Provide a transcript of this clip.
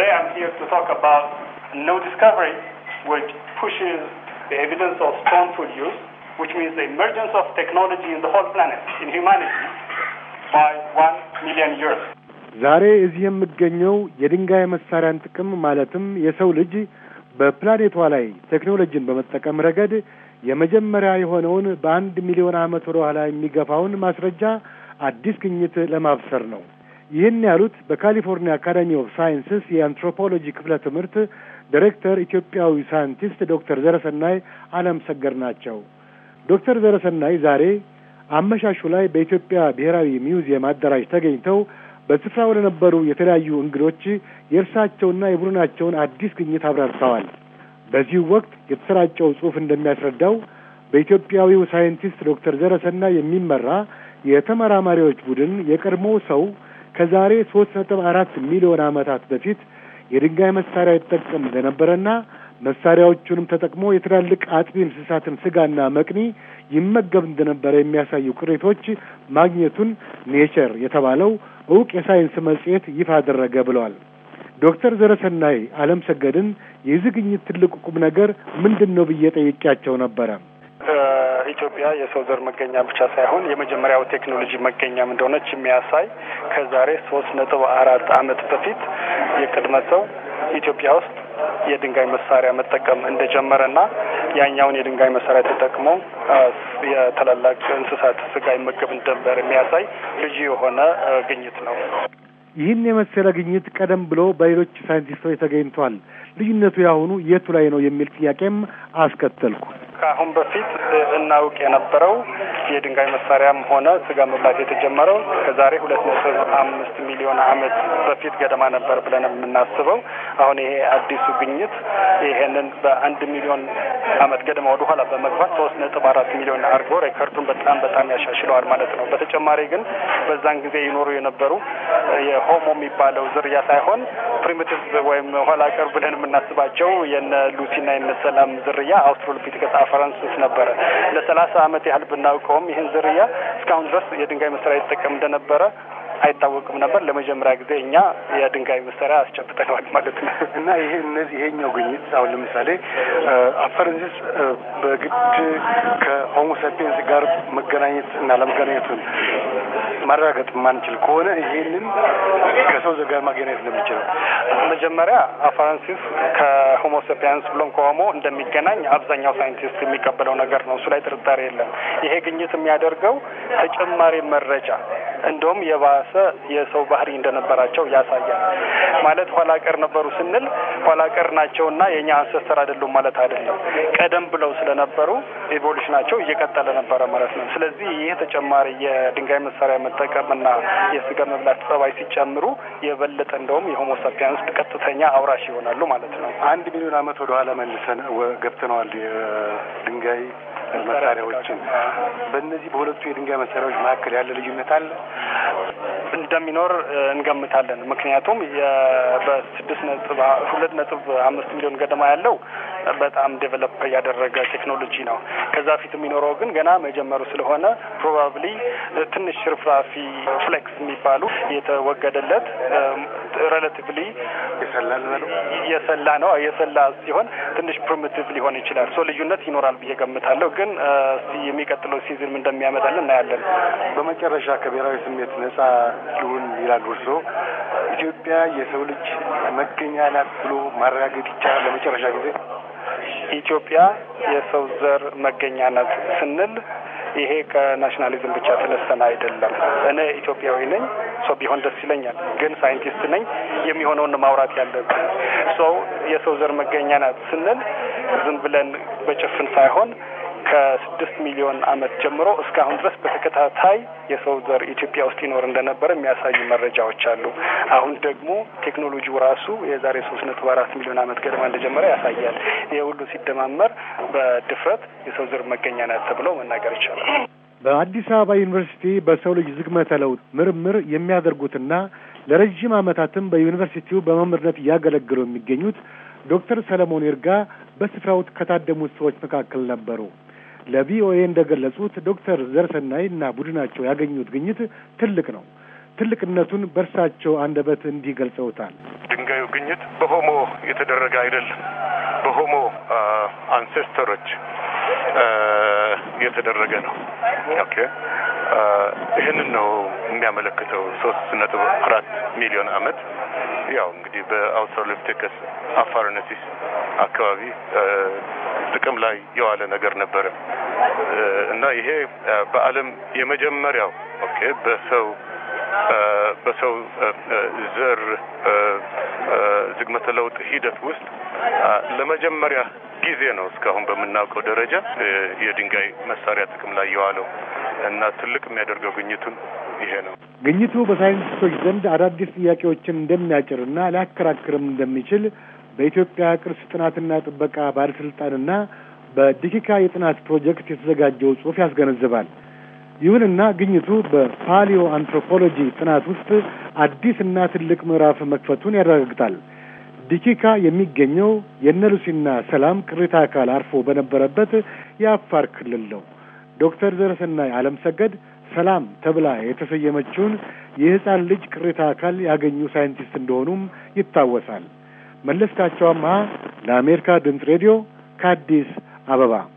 Today I'm here to talk about a new discovery which pushes the evidence of stone food use, which means the emergence of technology in the whole planet, in humanity, by one million years. ዛሬ እዚህ የምገኘው የድንጋይ መሳሪያን ጥቅም ማለትም የሰው ልጅ በፕላኔቷ ላይ ቴክኖሎጂን በመጠቀም ረገድ የመጀመሪያ የሆነውን በአንድ ሚሊዮን ዓመት ወደኋላ የሚገፋውን ማስረጃ አዲስ ግኝት ለማብሰር ነው። ይህን ያሉት በካሊፎርኒያ አካዳሚ ኦፍ ሳይንስስ የአንትሮፖሎጂ ክፍለ ትምህርት ዳይሬክተር ኢትዮጵያዊ ሳይንቲስት ዶክተር ዘረሰናይ ሰገር ናቸው። ዶክተር ዘረሰናይ ዛሬ አመሻሹ ላይ በኢትዮጵያ ብሔራዊ ሚውዚየም አዳራሽ ተገኝተው በስፍራው ለነበሩ የተለያዩ እንግዶች የእርሳቸውና የቡድናቸውን አዲስ ግኝት አብራርተዋል። በዚህ ወቅት የተሰራጨው ጽሑፍ እንደሚያስረዳው በኢትዮጵያዊው ሳይንቲስት ዶክተር ዘረሰናይ የሚመራ የተመራማሪዎች ቡድን የቀድሞ ሰው ከዛሬ ሶስት ነጥብ አራት ሚሊዮን ዓመታት በፊት የድንጋይ መሳሪያ ይጠቀም እንደነበረና መሳሪያዎቹንም ተጠቅሞ የትላልቅ አጥቢ እንስሳትን ስጋና መቅኒ ይመገብ እንደነበረ የሚያሳዩ ቅሪቶች ማግኘቱን ኔቸር የተባለው እውቅ የሳይንስ መጽሔት ይፋ አደረገ ብለዋል። ዶክተር ዘረሰናይ አለም ሰገድን የዝግኝት ትልቅ ቁም ነገር ምንድን ነው ብዬ ጠይቄያቸው ነበረ። ኢትዮጵያ የሰው ዘር መገኛ ብቻ ሳይሆን የመጀመሪያው ቴክኖሎጂ መገኛም እንደሆነች የሚያሳይ ከዛሬ ሶስት ነጥብ አራት አመት በፊት የቅድመ ሰው ኢትዮጵያ ውስጥ የድንጋይ መሳሪያ መጠቀም እንደጀመረና ያኛውን የድንጋይ መሳሪያ ተጠቅሞ የተላላቅ እንስሳት ስጋ ይመገብ እንደነበር የሚያሳይ ልዩ የሆነ ግኝት ነው። ይህን የመሰለ ግኝት ቀደም ብሎ በሌሎች ሳይንቲስቶች ተገኝቷል። ልዩነቱ ያሁኑ የቱ ላይ ነው የሚል ጥያቄም አስከተልኩ። ከአሁን በፊት እናውቅ የነበረው የድንጋይ መሳሪያም ሆነ ስጋ መብላት የተጀመረው ከዛሬ ሁለት ነጥብ አምስት ሚሊዮን ዓመት በፊት ገደማ ነበር ብለን የምናስበው አሁን ይሄ አዲሱ ግኝት ይሄንን በአንድ ሚሊዮን አመት ገደማ ወደ ኋላ በመግባት ሶስት ነጥብ አራት ሚሊዮን አድርጎ ሬከርዱን በጣም በጣም ያሻሽለዋል ማለት ነው። በተጨማሪ ግን በዛን ጊዜ ይኖሩ የነበሩ የሆሞ የሚባለው ዝርያ ሳይሆን ፕሪሚቲቭ ወይም ኋላ ቀር ብለን የምናስባቸው የነ ሉሲና የነ ሰላም ዝርያ አውስትራሎፒቴከስ አፈረንስስ ነበረ። ለሰላሳ አመት ያህል ብናውቀውም ይህን ዝርያ እስካሁን ድረስ የድንጋይ መስሪያ ይጠቀም እንደነበረ አይታወቅም ነበር። ለመጀመሪያ ጊዜ እኛ የድንጋይ መሳሪያ አስጨብጠነዋል ማለት ነው። እና ይሄ እነዚህ ይሄኛው ግኝት አሁን ለምሳሌ አፈረንዚስ በግድ ከሆሞሰፒንስ ጋር መገናኘት እና ለመገናኘቱን ማረጋገጥ የማንችል ከሆነ ይሄንን ከሰው ዘጋር ማገናኘት እንደሚችለው መጀመሪያ አፈረንሲስ ከሆሞሰፒያንስ ብሎን ከሆሞ እንደሚገናኝ አብዛኛው ሳይንቲስት የሚቀበለው ነገር ነው። እሱ ላይ ጥርጣሬ የለም። ይሄ ግኝት የሚያደርገው ተጨማሪ መረጃ እንደውም የባ ያነሰ የሰው ባህሪ እንደነበራቸው ያሳያል። ማለት ኋላ ቀር ነበሩ ስንል ኋላ ቀር ናቸውና የእኛ አንሰስተር አይደሉም ማለት አይደለም። ቀደም ብለው ስለነበሩ ኤቮሉሽናቸው እየቀጠለ ነበረ ማለት ነው። ስለዚህ ይህ ተጨማሪ የድንጋይ መሳሪያ መጠቀምና የስጋ መብላት ጸባይ ሲጨምሩ የበለጠ እንደውም የሆሞ ቀጥተኛ አውራሽ ይሆናሉ ማለት ነው። አንድ ሚሊዮን ዓመት ወደኋላ መልሰን ገብተነዋል። የድንጋይ መሰል መሳሪያዎችን በእነዚህ በሁለቱ የድንጋይ መሳሪያዎች መካከል ያለ ልዩነት አለ እንደሚኖር እንገምታለን። ምክንያቱም በስድስት ነጥብ ሁለት ነጥብ አምስት ሚሊዮን ገደማ ያለው በጣም ዴቨሎፕ ያደረገ ቴክኖሎጂ ነው። ከዛ ፊት የሚኖረው ግን ገና መጀመሩ ስለሆነ ፕሮባብሊ ትንሽ ርፍራፊ ፍሌክስ የሚባሉ የተወገደለት ሬላቲቭሊ የሰላ ነው። የሰላ ሲሆን ትንሽ ፕሪሚቲቭ ሊሆን ይችላል። ሶ ልዩነት ይኖራል ብዬ ገምታለሁ። ግን የሚቀጥለው ሲዝን እንደሚያመጣልን እናያለን። በመጨረሻ ከብሔራዊ ስሜት ነጻ ሊሆን ይላሉ እርስዎ። ኢትዮጵያ የሰው ልጅ መገኛ ናት ብሎ ማረጋገጥ ይቻላል ለመጨረሻ ጊዜ? ኢትዮጵያ የሰው ዘር መገኛ ናት ስንል ይሄ ከናሽናሊዝም ብቻ ተነስተን አይደለም። እኔ ኢትዮጵያዊ ነኝ፣ ሰው ቢሆን ደስ ይለኛል። ግን ሳይንቲስት ነኝ፣ የሚሆነውን ማውራት ያለብን። ሰው የሰው ዘር መገኛ ናት ስንል ዝም ብለን በጭፍን ሳይሆን ከስድስት ሚሊዮን ዓመት ጀምሮ እስካሁን ድረስ በተከታታይ የሰው ዘር ኢትዮጵያ ውስጥ ይኖር እንደነበረ የሚያሳዩ መረጃዎች አሉ። አሁን ደግሞ ቴክኖሎጂው ራሱ የዛሬ ሶስት ነጥብ አራት ሚሊዮን ዓመት ገደማ እንደጀመረ ያሳያል። ይህ ሁሉ ሲደማመር በድፍረት የሰው ዘር መገኛ ናት ተብሎ መናገር ይቻላል። በአዲስ አበባ ዩኒቨርሲቲ በሰው ልጅ ዝግመተ ለውጥ ምርምር የሚያደርጉትና ለረዥም ዓመታትም በዩኒቨርሲቲው በመምህርነት እያገለገሉ የሚገኙት ዶክተር ሰለሞን ይርጋ በስፍራው ከታደሙት ሰዎች መካከል ነበሩ። ለቪኦኤ እንደገለጹት ዶክተር ዘርሰናይ እና ቡድናቸው ያገኙት ግኝት ትልቅ ነው። ትልቅነቱን በእርሳቸው አንደበት እንዲህ ገልጸውታል። ድንጋዩ ግኝት በሆሞ የተደረገ አይደለም፣ በሆሞ አንሴስተሮች የተደረገ ነው። ኦኬ ይህንን ነው የሚያመለክተው። ሶስት ነጥብ አራት ሚሊዮን አመት ያው እንግዲህ በአውስትራሎፒቴከስ አፋርነሲስ አካባቢ ጥቅም ላይ የዋለ ነገር ነበረ። እና ይሄ በዓለም የመጀመሪያው ኦኬ በሰው በሰው ዘር ዝግመተ ለውጥ ሂደት ውስጥ ለመጀመሪያ ጊዜ ነው እስካሁን በምናውቀው ደረጃ የድንጋይ መሳሪያ ጥቅም ላይ የዋለው እና ትልቅ የሚያደርገው ግኝቱን ይሄ ነው። ግኝቱ በሳይንቲስቶች ዘንድ አዳዲስ ጥያቄዎችን እንደሚያጭር እና ሊያከራክርም እንደሚችል በኢትዮጵያ ቅርስ ጥናትና ጥበቃ ባለስልጣንና በዲኪካ የጥናት ፕሮጀክት የተዘጋጀው ጽሑፍ ያስገነዝባል። ይሁንና ግኝቱ በፓሊዮ አንትሮፖሎጂ ጥናት ውስጥ አዲስና ትልቅ ምዕራፍ መክፈቱን ያረጋግጣል። ዲኪካ የሚገኘው የነሉሲና ሰላም ቅሪታ አካል አርፎ በነበረበት የአፋር ክልል ነው። ዶክተር ዘረሰናይ አለም ሰገድ ሰላም ተብላ የተሰየመችውን የሕፃን ልጅ ቅሪታ አካል ያገኙ ሳይንቲስት እንደሆኑም ይታወሳል። መለስካቸው አምሃ ለአሜሪካ ድምፅ ሬዲዮ ከአዲስ ababa